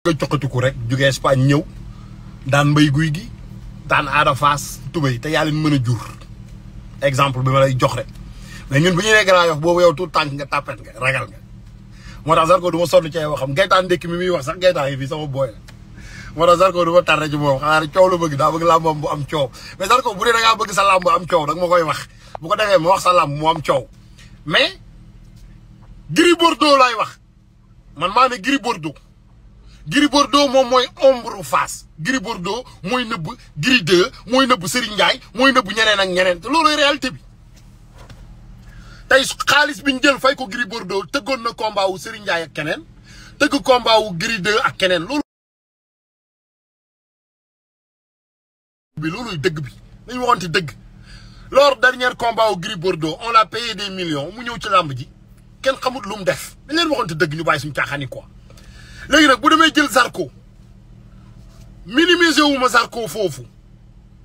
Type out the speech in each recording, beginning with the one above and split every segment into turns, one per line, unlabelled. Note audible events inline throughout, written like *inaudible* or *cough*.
nga joxatiku rek jóge Espagne ñëw daan mbay guy gi daan aada faas tubéy te yaa leen mën a jur exemple bi ma lay jox rek mais ñun bu ñu nee Grand Yoff boobu yow tout tànk nga tàppet nga ragal nga moo tax Zarko du ma sonn ci ay waxam gaytaan ndékk mi muy wax sax gaytaan yi fii sama booy la moo tax Zarko du ma tarre ci moom xanaa coow la bëgg daa bëgg làmbam bu am coow bu dee da ngaa bëgg sa làmb bu am koy wax bu ko defee ma wax sa làmb mu am coow mais Gris Bordeaux laay wax man maa ne Gris Bordeaux Gris Bordeaux moom mooy ombre face Gris Bordeaux mooy nëbb Gris 2 mooy nëbb Serigne Ndiaye mooy nëbb ñeneen ak ñeneen te loolooy réalité bi tey xaalis bi ñu jël fay ko Gris Bordeaux tëggoon na combat wu ak keneen tëgg combat wu Gris 2 ak keneen
loolu. bi looluy dëgg bi
dañu waxoon ci dëgg lors dernier combat wu Gris Bordeaux on l'a payé des millions mu ñëw ci làmb ji kenn xamut lu mu def dañ leen waxoon dëgg ñu bàyyi suñu caaxaan yi quoi. léegi nag bu demee jël Zarko minimiser wu ma Zarko foofu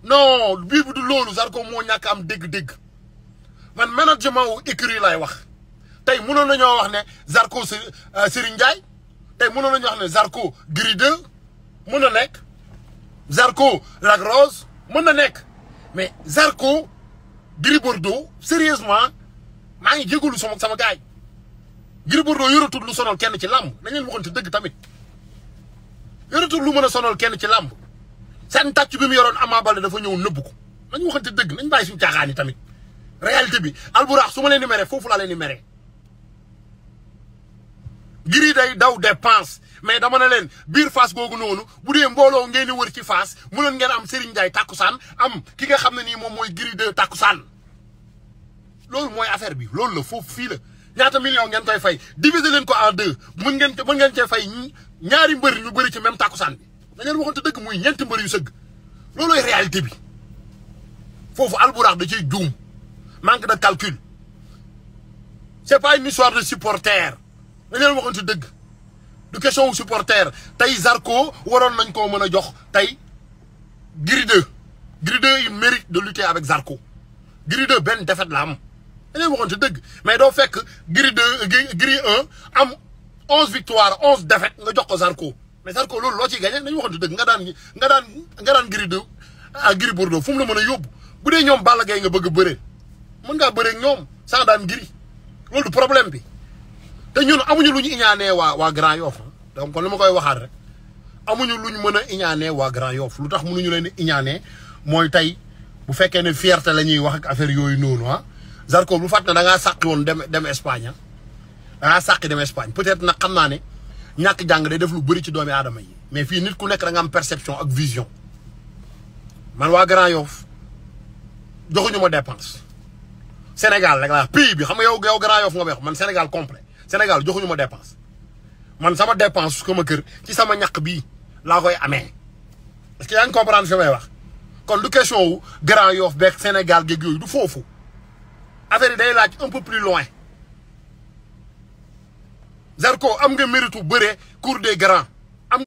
non bii bu du loolu Zarko moo ñàkk am dégg-dégg man management wu écurie lay wax tey mënoon nañoo wax ne Zarko euh, Serigne Ndiaye tey mënoon nañu wax ne Zarko Gris 2 mën na nekk Zarko Lac Rose mën na nekk mais Zarko Gris Bordeaux maa ngi jégalu sama sama gaay Gris Bordeaux yoratul lu sonal kenn ci làmb nañ leen waxante dëgg tamit yoratul lu mën a sonal kenn ci làmb seen tàcc bi mu yoroon Ama Baldé dafa ñëw nëbb ko nañ waxante dëgg nañ bàyyi suñ caaxaan yi tamit réalité bi alburax su ma leen di foofu laa leen di meree. Gris day daw dépense mais dama ne leen biir Fass googu noonu bu dee mbooloo ngeen di wër ci Fass mënoon ngeen am Serigne Ndiaye takkusaan am ki nga xam ne nii moom mooy Gris de takkusaan loolu mooy affaire bi loolu la foofu fii la. ñaata million ngeen koy fay diviser leen ko en deux mën ngeen mën ngeen cee fay ñaari mbër ñu bëri ci même tàkkusaan bi da ngeen waxante dëgg muy ñeenti mbër yu sëgg loolooy réalité bi foofu alburax da ciy juum manque de calcul c'est pas une histoire de supporter da ngeen waxante dëgg du question supporter tey Zarko waroon nañ koo mën a jox tey Gris 2 Gris 2 il mérite de lutter avec Zarko Gris benn defet la am dañuy waxoon ci dëgg mais doo fekk gris deux gris un am onze victoire onze défaite nga jox ko Zarko mais Zarko loolu loo ci gagné dañuy waxoon ci dëgg nga daan nga daan nga giri gris deux ah gris la mën a yóbbu bu dee ñoom Balla Gaye nga bëgg a bëree mën ngaa bëree ñoom sans daan gris loolu du problème bi te ñun amuñu lu ñu iñaanee waa waa Grand ah. donc kon ma koy waxaat rek amuñu luñ mën a iñaanee waa Grand Yoff lu tax mënuñu leen iñaanee mooy tey bu fekkee ne fierté la ñuy wax ak yooyu noonu ah Zarko bu fàtt na da ngaa sàqi woon dem dem Espagne ah. da ngaa sàqi dem Espagne peut-être nag xam naa ne ñàkk jàng def lu bëri ci doomi adama yi mais fii nit ku nekk da am perception ak vision man waa Grand Yoff joxuñu ma dépense Sénégal rek la bi xam nga yow yow Grand Yoff nga wax man Sénégal complet Sénégal joxuñu ma dépense man sama dépense sama kër ci sama ñàkk bi laa koy amee est-ce que yaa wax kon du question wu Grand Yoff beeg Sénégal géeg yooyu du foofu affaire day laaj un peu plus loin Zarko am nga mérite bu bëree cour des grands am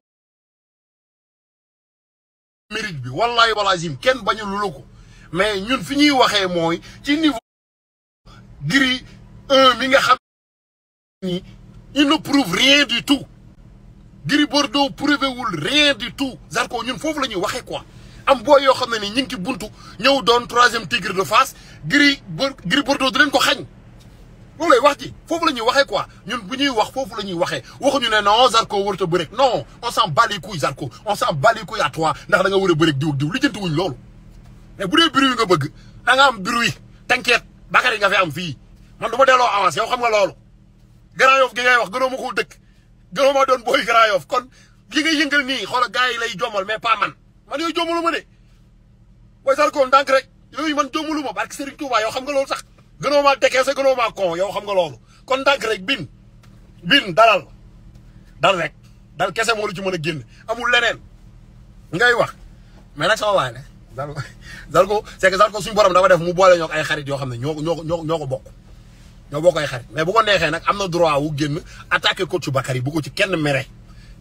mérite bi wallahi walazim kenn bañu lulu ko
mais ñun fi ñuy waxee mooy ci niveau gris un mi nga xam ni il ne prouve rien du tout Gris Bordeaux prouvé wul rien du tout Zarko ñun foofu la ñuy waxee quoi am boo yoo xam ne ni ñu ngi ci buntu ñëw doon troisième tigre de Fass Gris Gris Bordeaux di ko xañ loolu lay wax ji foofu la ñuy waxee quoi ñun bu ñuy wax foofu la ñuy waxee waxuñu ne non Zarko warut a bëreeg non on s'en bat les couilles Zarko on s'en bat les ndax da nga war a bëreeg diw ak diw lijjanti wuñ loolu mais bu dee yi nga bëgg da nga am bruit t'inquiète Bakary nga fi am fii man du ma delloo avance yow xam nga loolu Grand Yoff gi ngay wax gënoo ma koo dëkk gënoo ma doon booy Grand Yoff kon li nga yëngal nii xoola gars yi lay jommal mais pas man man yooyu jommalu ma de booy Zarko ndànk rek yooyu man jommalu ma barke Serigne Touba yow xam nga loolu sax gënoo maa dekkee sa gënoo kon yow xam nga loolu kon ndànk rek bin bin dalal dal rek dal kese moo lu ci mën a génn amul leneen ngay wax mais nag sama waay ne Zarko *laughs* Zarko c'est que Zarko suñu borom dafa def mu boole ñoo ko ay xarit yoo xam ne ñoo ko ñoo ñoo ko bokk ñoo bokk ay xarit mais bu ko neexee nag am na droit wu génn attaqué coach Bakary bu ko ci kenn mere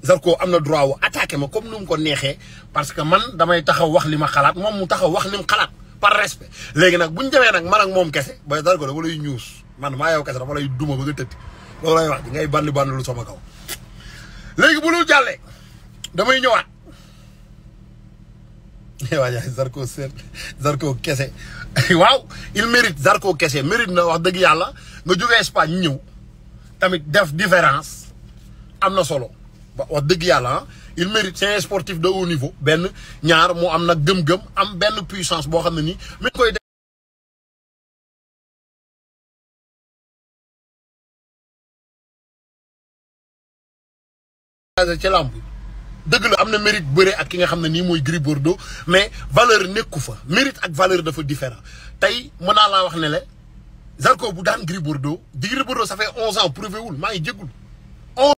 Zarko am na droit wu attaqué ma comme nu mu ko neexee parce que man damay taxaw wax li ma xalaat moom mu taxaw wax li kalaat xalaat par respect léegi nag bu ñu demee nag man ak moom kese ba Zarko dafa lay ñuus man maa yow kese dafa lay duma ba nga tëdd loolu lay wax di ngay bandi bandi lu sama kaw. léegi bu lu jàllee damay ñëwaat *laughs* waa jaay Zarko seet Zarko kese *laughs* waaw il mérite Zarko kese mérite na wax dëgg yàlla nga jógee Espagne ñëw tamit def différence am na solo. wax dëgg yàlla ah, il mérite c'est un sportif benn ñaar moo am nag gëm-gëm am benn puissance boo xam ne
nii mi koy ci làmb
dëgg am na mérite bëre ak ki nga xam ne nii mooy Gris Bordeaux mais valeur nekku fa mérite ak valeur dafa différent tey mën naa la wax ne la Zarko bu daan Gris Bordeaux di Gris Bordeaux
ça fait onze ans prouvé maa ngi jégul